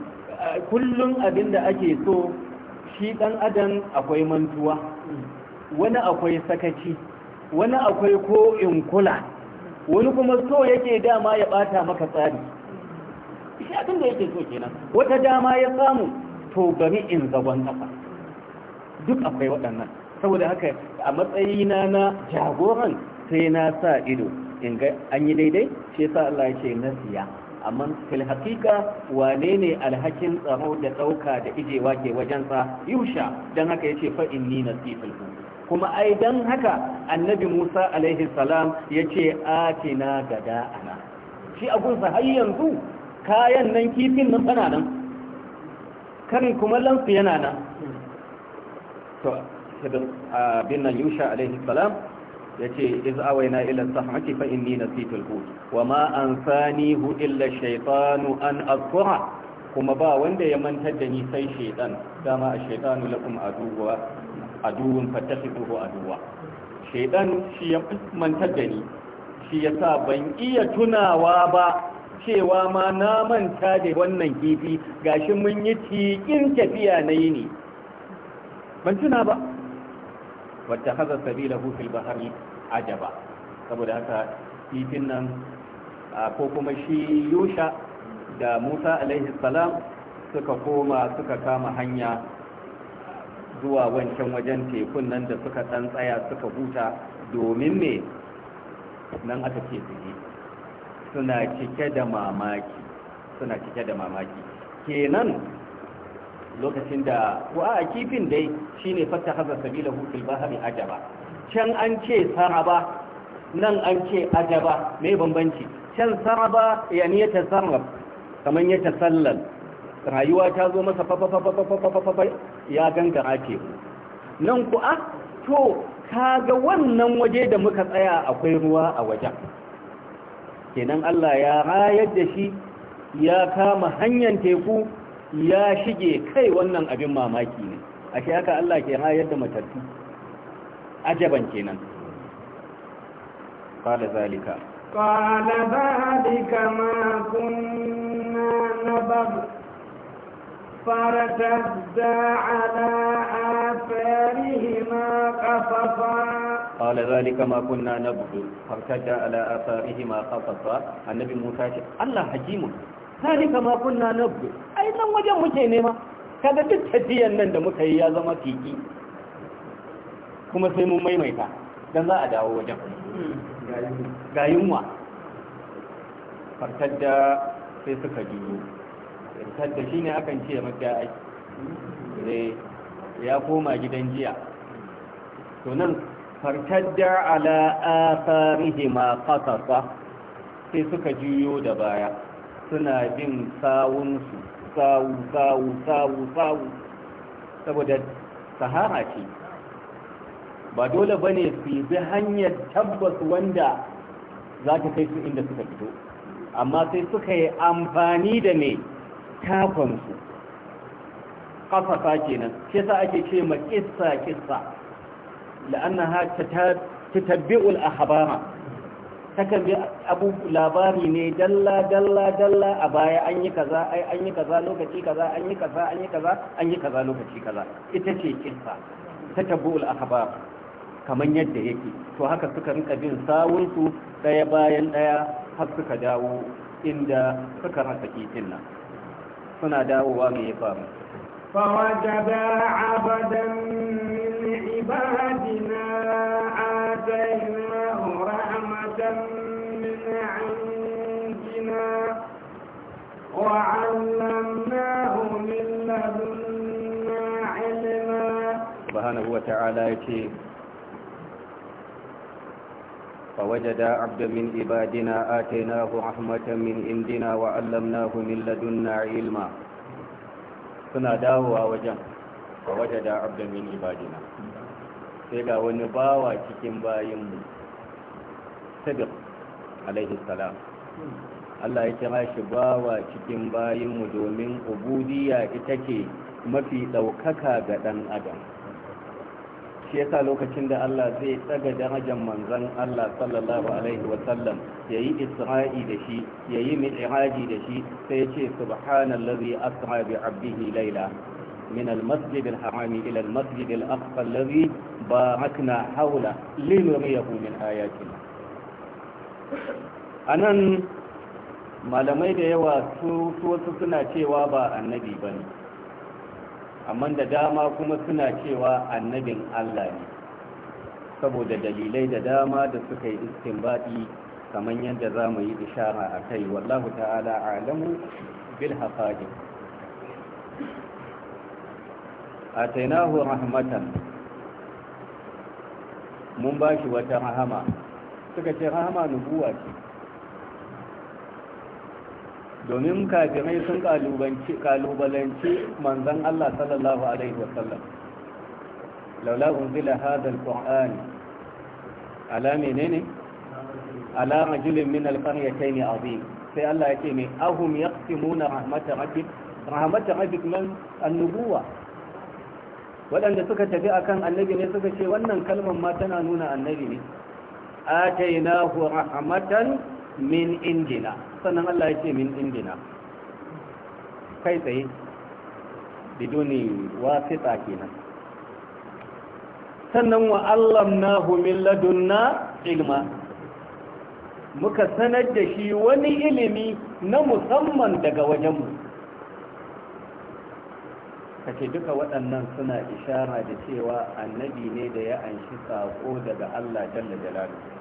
kullum abin da ake so shi ɗan adam akwai mantuwa wani akwai sakaci wani akwai ko in kula wani kuma so yake dama ya bata maka tsari shi abin da yake so kenan wata dama ya samu to bari in zagon kasa duk akwai waɗannan saboda haka a matsayina na jagoran sai na sa ido in ga an yi daidai sai sa Allah ya ce na siya amma fil haqiqa wane ne alhakin tsaro da dauka da ijewa ke wajen sa yusha dan haka yace fa inni nasiful kuma ai dan haka annabi Musa alaihi salam yace atina gada ana shi abun sa har yanzu kayan nan kifin nan kana nan karin kuma lansu yana nan Ah, bin nan yusha alaihi salam ya ce iz awaina ila sahmati fa ni na al-hut wa ma ansanihu illa shaytanu an azkura kuma ba wanda ya mantar da ni sai shaytan dama a shaytanu lakum aduwa aduwwun fattakhiduhu aduwa shaytan shi ya mantar da ni shi ya sa ban iya tunawa ba cewa ma na manta da wannan kifi gashi mun yi cikin tafiya na yi ne. ban tuna ba wata haza sabila fil bahari ajaba saboda haka titin nan ko kuma shi yusha da musa alaihi salam suka koma suka kama hanya zuwa wancan wajen tekun nan da suka ɗan tsaya suka huta domin me nan aka ce suke suna cike da mamaki suna cike da mamaki kenan lokacin da ko a kifin dai shine fata haza sabila fil bahri ajaba can an ce saraba nan an ce ajaba mai bambanci can saraba yani ya tasarraf kaman ya tasallal rayuwa ta zo masa fa ya gangara ce nan ku a to kaga wannan waje da muka tsaya akwai ruwa a wajen kenan Allah ya rayar da shi ya kama hanyar teku ya shige kai wannan abin mamaki ne a shi haka Allah ke hayar da matattu ajaban kenan qala zalika qala zalika ma kunna nabab faratadda ala afarihima qafafa qala zalika ma kunna nabdu faratadda ala atharihima qafafa annabi Musa ce Allah hakimun zalika ma kunna nabdu ai nan wajen muke nema kaga duk tafiyan nan da muka yi ya zama fiki kuma sai mun maimaita dan za a dawo wajen ga yunwa fartar da sai suka juyo fartar da ne akan ce maka ai eh, ya koma gidan jiya to nan fartar da ala ma kasasa sai suka juyo da baya suna bin sawunsu sawu sawu sawu sawu saboda sahara ce ba dole ba ne su bi hanyar tabbas wanda za ta kai su inda suka fito amma sai suka yi amfani da ne tafansu ƙafasa kenan sa ake ce ma kissa kissa la'annaha tatabbi'ul ahbara takan bi abu labari ne dalla dalla dalla a baya an yi kaza ai an yi kaza lokaci kaza an yi kaza an yi kaza an yi kaza lokaci kaza ita ce kinsa ta tabu'ul akhbar kaman yadda yake to haka suka rinka bin sawun su daya bayan daya har suka dawo inda suka rasa kitin nan suna dawowa me ya faru فوجدا عبدا من عبادنا آتينا وعلمناه من لدنا علما سبحانه وتعالى يتي فوجد عبدا من عبادنا آتيناه رحمة من عندنا وعلمناه من لدنا علما suna dawowa wajen a wajada abda min ibadina sai ga wani bawa cikin bayinmu sabir alaihi salam Allah ya kira shi bawa cikin bayinmu domin ubudiyya ita ke mafi ɗaukaka ga ɗan adam shi yasa lokacin da Allah zai tsaga darajar manzon Allah sallallahu alaihi wa sallam yayi isra'i da shi yayi mi'raji da shi sai ce subhanallazi asra bi 'abdihi layla من المسجد الحرام إلى المسجد الأقصى الذي باركنا حوله لنريه من آياتنا anan malamai da yawa su wasu suna cewa ba annabi ba ne amma da dama kuma suna cewa annabin allah ne saboda dalilai da dama da suka yi istinbadi kamar yadda za mu yi ishara a kai wallahu ta'ala alamu bil haƙaƙi a tainahu rahmatan mun bashi wata rahama suka ce rahama nubuwa ce domin kafirai sun kalubalanci manzan Allah sallallahu Alaihi wasallam laula unzila hadal qur'ani ala menene ala rajulin min alqaryatayn azim sai Allah yake ne ahum yaqsimuna rahmatar rabbik rahmatar rabbik man annubuwa waɗanda suka tafi akan annabi ne suka ce wannan kalmar ma tana nuna annabi ne atainahu rahmatan min indina sannan Allah ya ce min indina kai tsaye biduni wasita kenan sannan wa allamnahu min ladunna ilma muka sanar da shi wani ilimi na musamman daga wajenmu kace duka waɗannan suna ishara da cewa annabi ne da ya anshi saƙo daga Allah jalla jalaluhu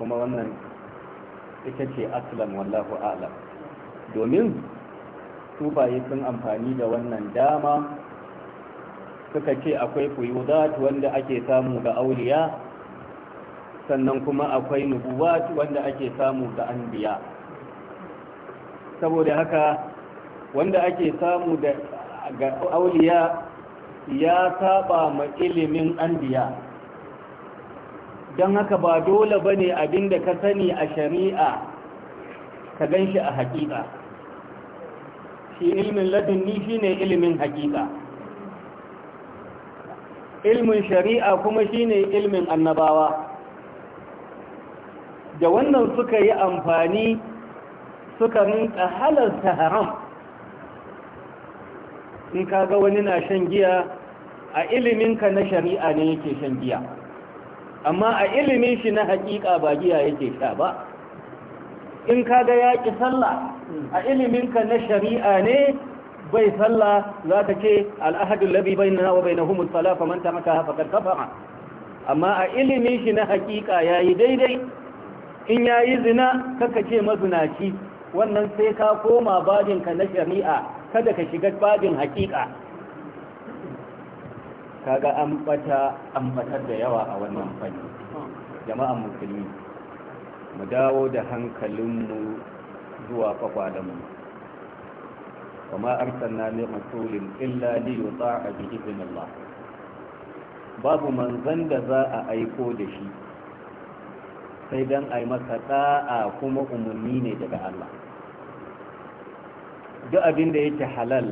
kuma wannan ita ce aslan wallahu ala domin tubaye sun amfani da wannan dama suka ce akwai fuyudat wanda ake samu ga auliya sannan kuma akwai nubuwat wanda ake samu ga anbiya saboda haka wanda ake samu ga auliya ya saba ma ilimin anbiya don haka ba dole ba ne abinda ka sani a shari'a ka gan a hakika. shi ilmin ladunni shi ne ilmin hakika, ilmin shari'a kuma shi ne ilmin annabawa da wannan suka yi amfani suka rinka halarta haram in kaga wani na shan giya a ilimin ka na shari'a ne yake shan giya amma a ilimin shi na hakika ba giya yake sha ba in kaga ya ki sallah a iliminka na shari'a ne bai sallah za ka ce al'ahadun labi bai na wa bai na humus sala faman maka hafa amma a ilimin shi na hakika ya yi daidai in ya yi zina kaka ce mazinaci wannan sai ka koma babinka na shari'a kada ka shiga babin hakika kaga an bata an batar da yawa a wannan fanni jama'an musulmi mu dawo da hankalinmu zuwa kwakwalenmu kuma arsalna min rasulin illa li yuta'a bi idnillah babu manzan da za a aiko da shi sai dan ai masa sa'a kuma umarni ne daga Allah duk abin da yake halal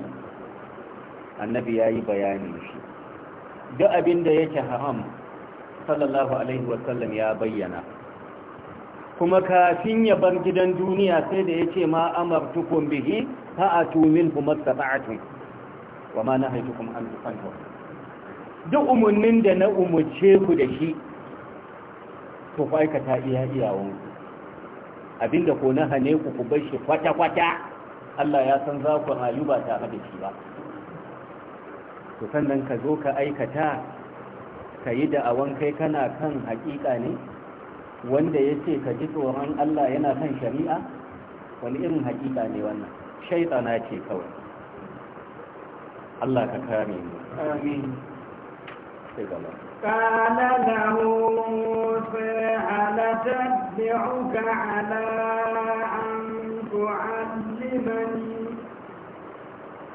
annabi yayi bayanin shi duk abin da yake haram sallallahu alaihi wasallam ya bayyana kuma kafin ya bar gidan duniya sai da ya ce ma amartukum bihi fa'atu minhu mastata'tum wa ma nahaytukum an tufantu duk umunnin da na umuce ku da shi to ku aikata iya iyawun abinda ko na hane ku ku bar shi kwata kwata Allah ya san za ku rayu ba tare da shi ba to sannan ka zo ka aikata ka yi da'awan kai kana kan haƙiƙa ne wanda ya ce ka ji tsoron Allah yana kan shari'a wani irin haƙiƙa ne wannan shaitana ce kawai Allah ka kare mu amin sai gaba قال له موسى هل تتبعك على أن تعلمني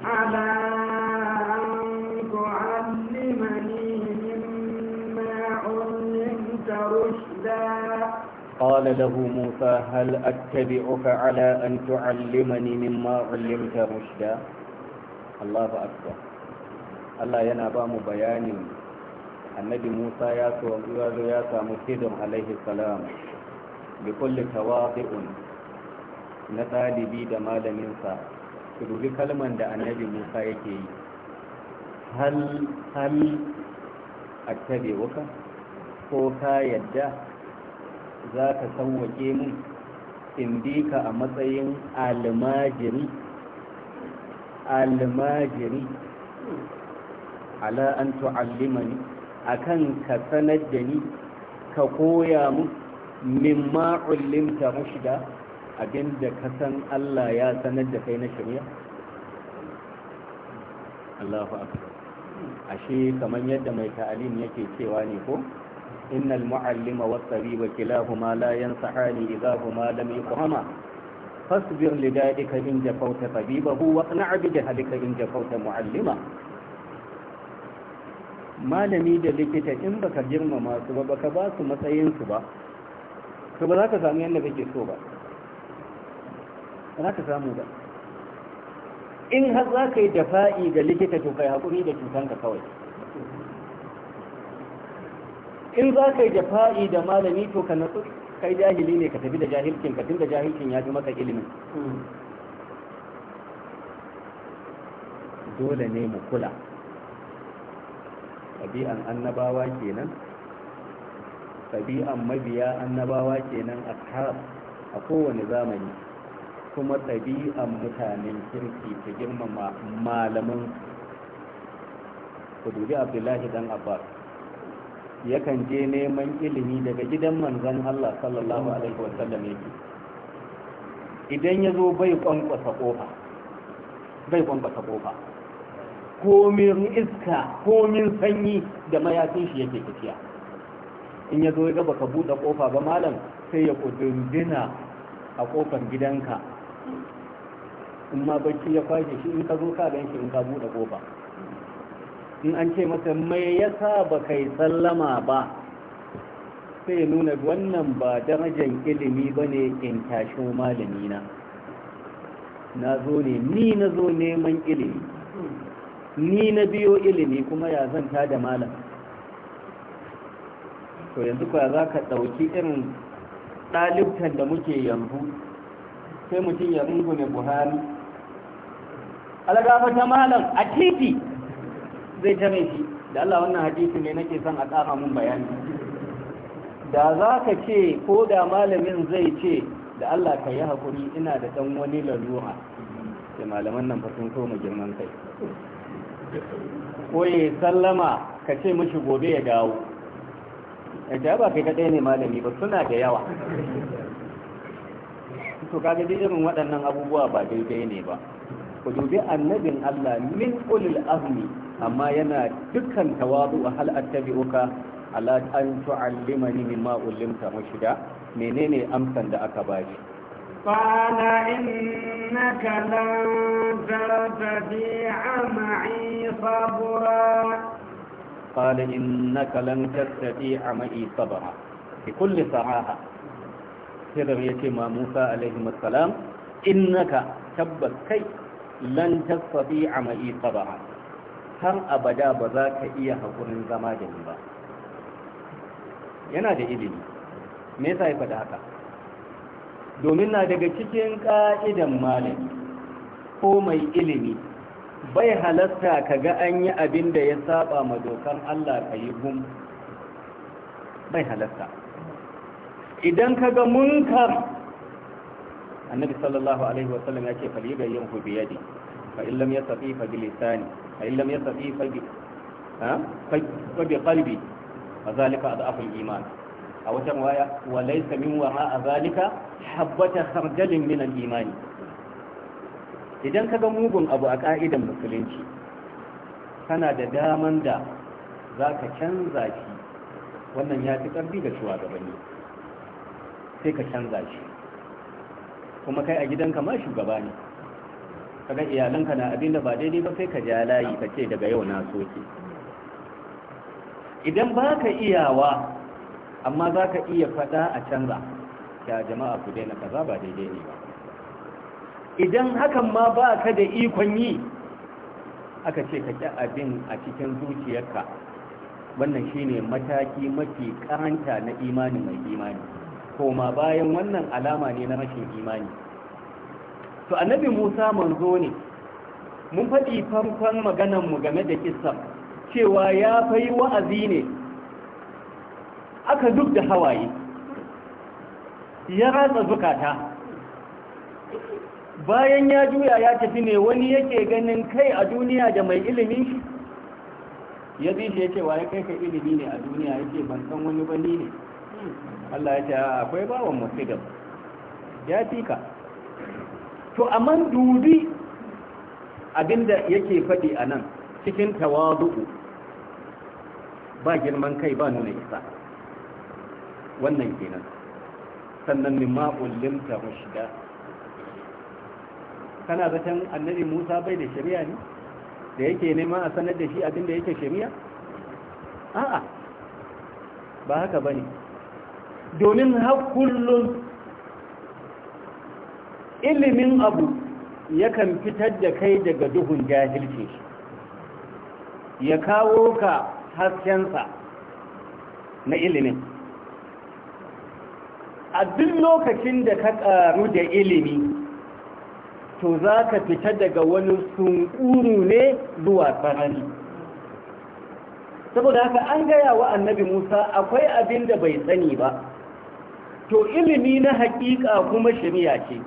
على قال له موسى هل أتبعك على أن تعلمني مما علمت رشدا الله أكبر الله ينبام بياني النبي موسى ياسو ياسو مسيد عليه السلام بكل تواضع نطالبي دمال منسى تدولي كلمة دا النبي موسى يكي هل هل أتبعك ko ka yadda za ka sauwake mun in bi ka a matsayin almajiri almajiri ala an tu'allimani akan ka sanar da ni ka koya mun mimma ullimta rushda abinda ka san Allah ya sanar da kai na shari'a Allahu akbar ashe kamar yadda mai ta'alim yake cewa ne ko إن المعلم والطبيب كلاهما لا ينصحان إذا هما لم يفهما فاصبر لذلك إن جفوت طبيبه واقنع بجهلك إن جفوت malami da likita in baka girmama su ba baka ba su matsayinsu ba to ba za ka samu yadda kake so ba ka samu ba in har za ka yi dafa'i ga likita to kai haƙuri da cutanka kawai in za ka yi jafa'i da malami to ka natsu kai jahili ne ka tafi da jahilkin ka da jahilkin ya fi maka ilimin dole ne mu kula ɗabi'an annabawa kenan ɗabi'an mabiya annabawa kenan ashab a kowane zamani kuma ɗabi'an mutanen kirki ta girmama malaman ku dubi abdullahi dan abbas yakan je neman ilimi daga gidan manzan Allah sallallahu alaihi wasallam yake idan ya zo bai kwankwasa kofa bai kwankwasa kofa komin iska komin sanyi da mayafin shi yake tafiya in ya zo ya gaba ka buɗe kofa ba malam sai ya kudundina a kofar gidanka in ma bacci ya kwashe shi in ka zo ka gan shi in ka buɗe kofa in an ce masa mai yasa ba kai sallama ba sai nuna wannan ba darajan ilimi ba ne in tashi malami na zo ne ni na zo neman ilimi ni na biyo ilimi kuma ya zanta da malam to yanzu kuwa za ka ɗauki irin ɗalibtan da muke yanzu sai mutum ya rungume buhari algafa ta malam a titi zai tare shi da Allah wannan hadisi ne nake son a tsara mun bayani da za ka ce ko da malamin zai ce da Allah ka yi haƙuri ina da ɗan wani lalura da malaman nan sun koma girman kai ko ya sallama ka ce mashi gobe ya dawo ya ba kai kaɗai ne malami ba suna da yawa to kaga irin waɗannan abubuwa ba daidai ne ba ku dubi annabin Allah min ulil azmi amma yana dukkan tawadu a hal attabi'uka ala an tu'allimani mimma ullimta mushida menene amsan da aka bashi قال إنك لن تستطيع معي صبرا قال إنك لن تستطيع معي صبرا بكل صراحة كذا يتي موسى عليه السلام إنك tabbas kai lan tasfi a ma'i sabaha har abada ba za ka iya hakurin zama da ni ba yana da ilimi me yasa ya faɗa haka domin na daga cikin ƙa'idan malami ko mai ilimi bai halatta ka ga an yi abin da ya saba ma dokan Allah ka yi gum bai halatta idan ka ga munkar annabi sallallahu alaihi wa sallam yake faliga yin hu biyadi fa in lam yastati fa bi lisani fa in lam yastati fa bi ha fa bi qalbi fa zalika adhafu al-iman a wata waya wa laysa min wara zalika habbata khardalin min al-iman idan kaga mugun abu a ka'idan musulunci kana da daman da zaka canza shi wannan ya fi karfi ga shugabanni sai ka canza shi kuma kai a gidanka ma shugaba ne kaga iyalanka na abinda ba daidai ba sai ka ja layi ka ce daga yau na soke idan ba ka iyawa amma za ka iya faɗa a canza ya jama'a ku daina kaza ba daidai ne ba idan hakan ma ba ka da ikon yi aka ce ka ki abin a cikin zuciyarka wannan shine mataki mafi karanta na imani mai imani koma bayan wannan alama ne na rashin imani to annabi musa manzo ne mun faɗi farkon mu game da kissa cewa ya fayi wa'azi ne aka duk da hawaye ya ratsa zukata bayan ya juya ya tafi ne wani yake ganin kai a duniya da mai ilimin ya zai shi ya ya kai ka ilimi ne a duniya yake ban san wani bani ne Allah ya ce akwai bawan musidin ya fi ka to amma dubi abinda yake faɗi a nan cikin tawadu ba girman kai ba nuna isa wannan kenan sannan min ma'ullin ta rushida kana zaton annabi musa bai da shari'a ne da yake nema a sanar da shi abinda yake shari'a a'a ba haka ba ne domin hakullun ilimin abu yakan fitar da kai daga duhun jahilci ya kawo ka haskensa na ilimin a duk lokacin da ka karu da ilimi to za ka fita daga wani sunkuru ne zuwa tsanani saboda haka an gaya wa annabi musa akwai abin da bai sani ba to ilimi na haƙiƙa kuma shari'a ce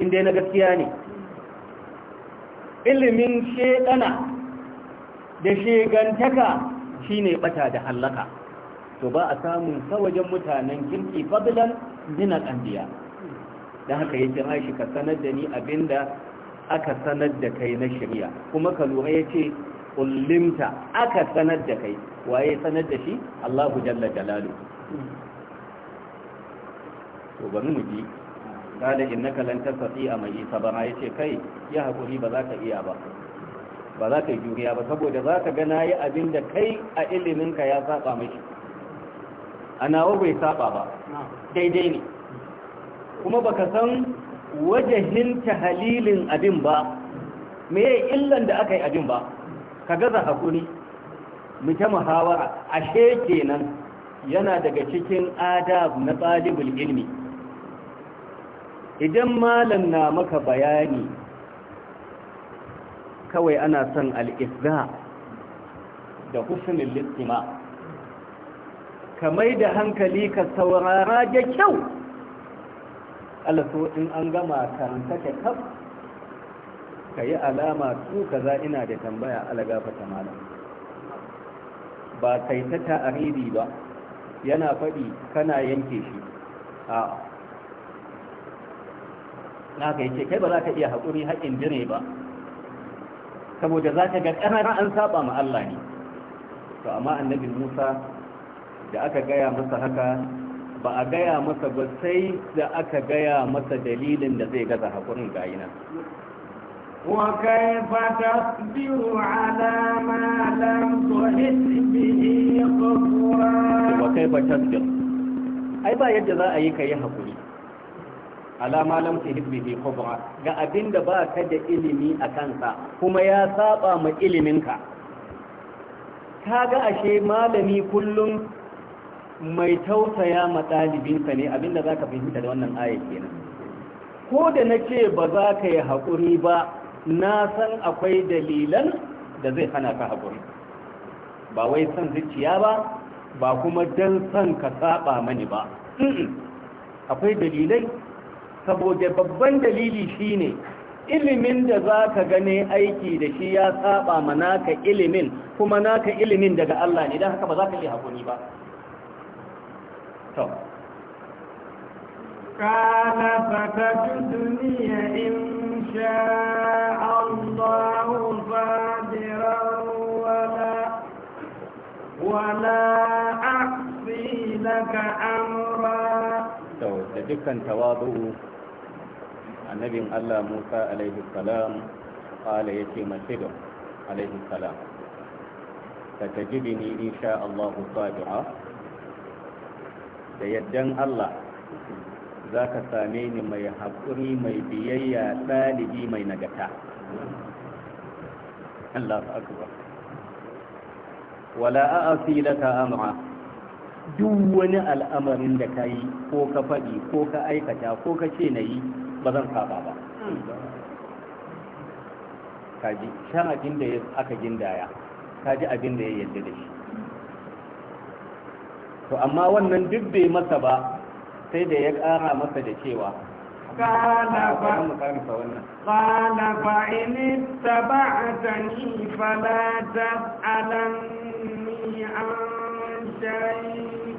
inda na gaskiya ne ilimin shekana da shegantaka shine ɓata da hallaka to ba a samun wajen mutanen kirki fabilan min al don haka ya kira shi ka sanar da ni abinda aka sanar da kai na shari'a kuma ka lura yace ullimta aka sanar da kai waye sanar da shi Allahu jalla jalaluhu to bari mu bi kada naka lan tasati a mai ya yace kai ya hakuri ba za ka iya ba ba za ka yi juriya ba saboda za ka ga yi abin da kai a ilimin ya saba miki nawa bai saba ba daidai ne kuma baka san wajahin tahalilin abin ba me illan da aka yi abin ba ka gaza hakuri mu ta muhawara ashe kenan yana daga cikin adab na ɗalibul ilmi idan malam na maka bayani kawai ana son al'ifda da husnul littima, ka mai da hankali ka saurara da kyau so in an gama karanta ta kaf ka yi alama su kaza ina da tambaya alagafa ta malam ba kai ta ta'aridi ba yana faɗi kana yanke shi a na haka yake kai ba za ka iya haƙuri haƙƙin dire ba saboda za ka ga ƙarara an saba ma Allah ne to amma annabi Musa da aka gaya masa haka ba a gaya masa ba sai da aka gaya masa dalilin da zai gaza haƙurin gayina وكيف تصبر على ما لم تحس به ba وكيف تصبر ai ba yadda za a yi ka yi haƙuri alama lam fi bihi kubra ga abinda ba ka da ilimi a kansa kuma ya saba ma iliminka ga ashe malami kullum mai tausaya ma ɗalibinsa ne abinda zaka fahimta da wannan aya kenan ko da nace ba za ka yi haƙuri ba na san akwai dalilan da zai hana ka haƙuri ba wai son zuciya ba ba kuma dan san ka saba mani ba akwai dalilai saboda babban dalili shine ilimin da za ka gane aiki da shi ya saba ma naka ilimin kuma naka ilimin daga Allah ne don haka ba za ka yi haƙuri ba قال duniya إن شاء الله صابرا wala ولا أعصي لك da dukkan tawadu'u annabin Allah Musa alaihi salam kala yace mashidu alaihi salam fatajibni insha Allah sabira da yaddan Allah za ka same ni mai haƙuri mai biyayya ɗalibi mai nagata Allah akbar wala a'asi laka amra duk wani al'amarin da ka yi ko ka faɗi ko ka aikata ko ka ce na yi ba zan saba ba kaji shan abin da aka gindaya kaji abin da ya yadda da shi to amma wannan duk bai masa ba sai da ya ƙara masa da cewa قال فإن اتبعتني فلا تسألني عن شيء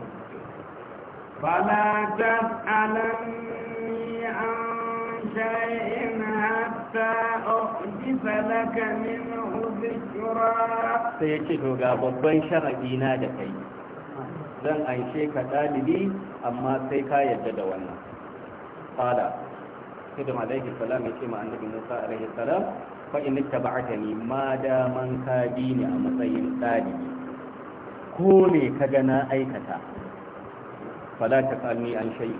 فلا تسألني عن In zaɓi yin haɗa odisa laƙaninmu Sai ya ci duga babban sharafina da kai. Zan ai ka ɗalibi, amma sai ka yadda da wannan. Sada Malaikinsa ala mai cimma a ɗauke Musa alayhis salaam, ko ina taɓa cani ma daman ka bi ne a matsayin ɗalibi? Ko me kaga na aikata? Bala ta kar an sha'i.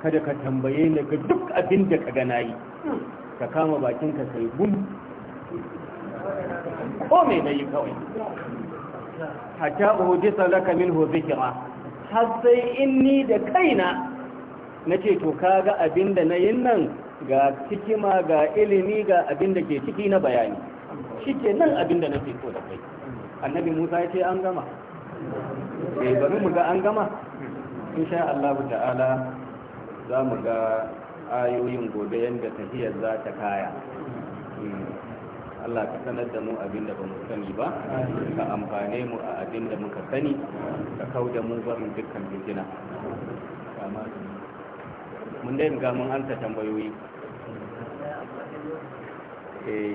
kada ka tambaye ni ga duk abin da ka gana yi ka kama bakin ka sai gum ko me na yi kawai hatta uhdisa laka minhu dhikra har sai ni da kaina nace to kaga abin da nayin nan ga cikima ga ilimi ga abin da ke ciki na bayani shike nan abin da nake so da kai annabi Musa ya ce an gama eh bari mu ga an gama insha Allah ta'ala za mu ga ayoyin gobe yadda tafiyar za ta kaya hmm. Allah ka sanar da mu abin da ba mu sani ba ka amfane mu a abin da muka sani ka kau da mu barin dukkan fitina mun dai ga mun ta tambayoyi eh.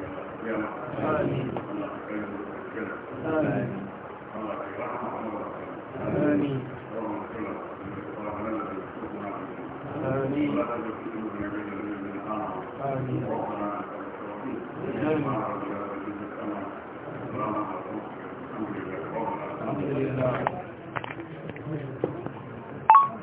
Amen. Amen. Amen. Amen. Amen. Amen. Amen. Amen. Amen. Amen. Amen.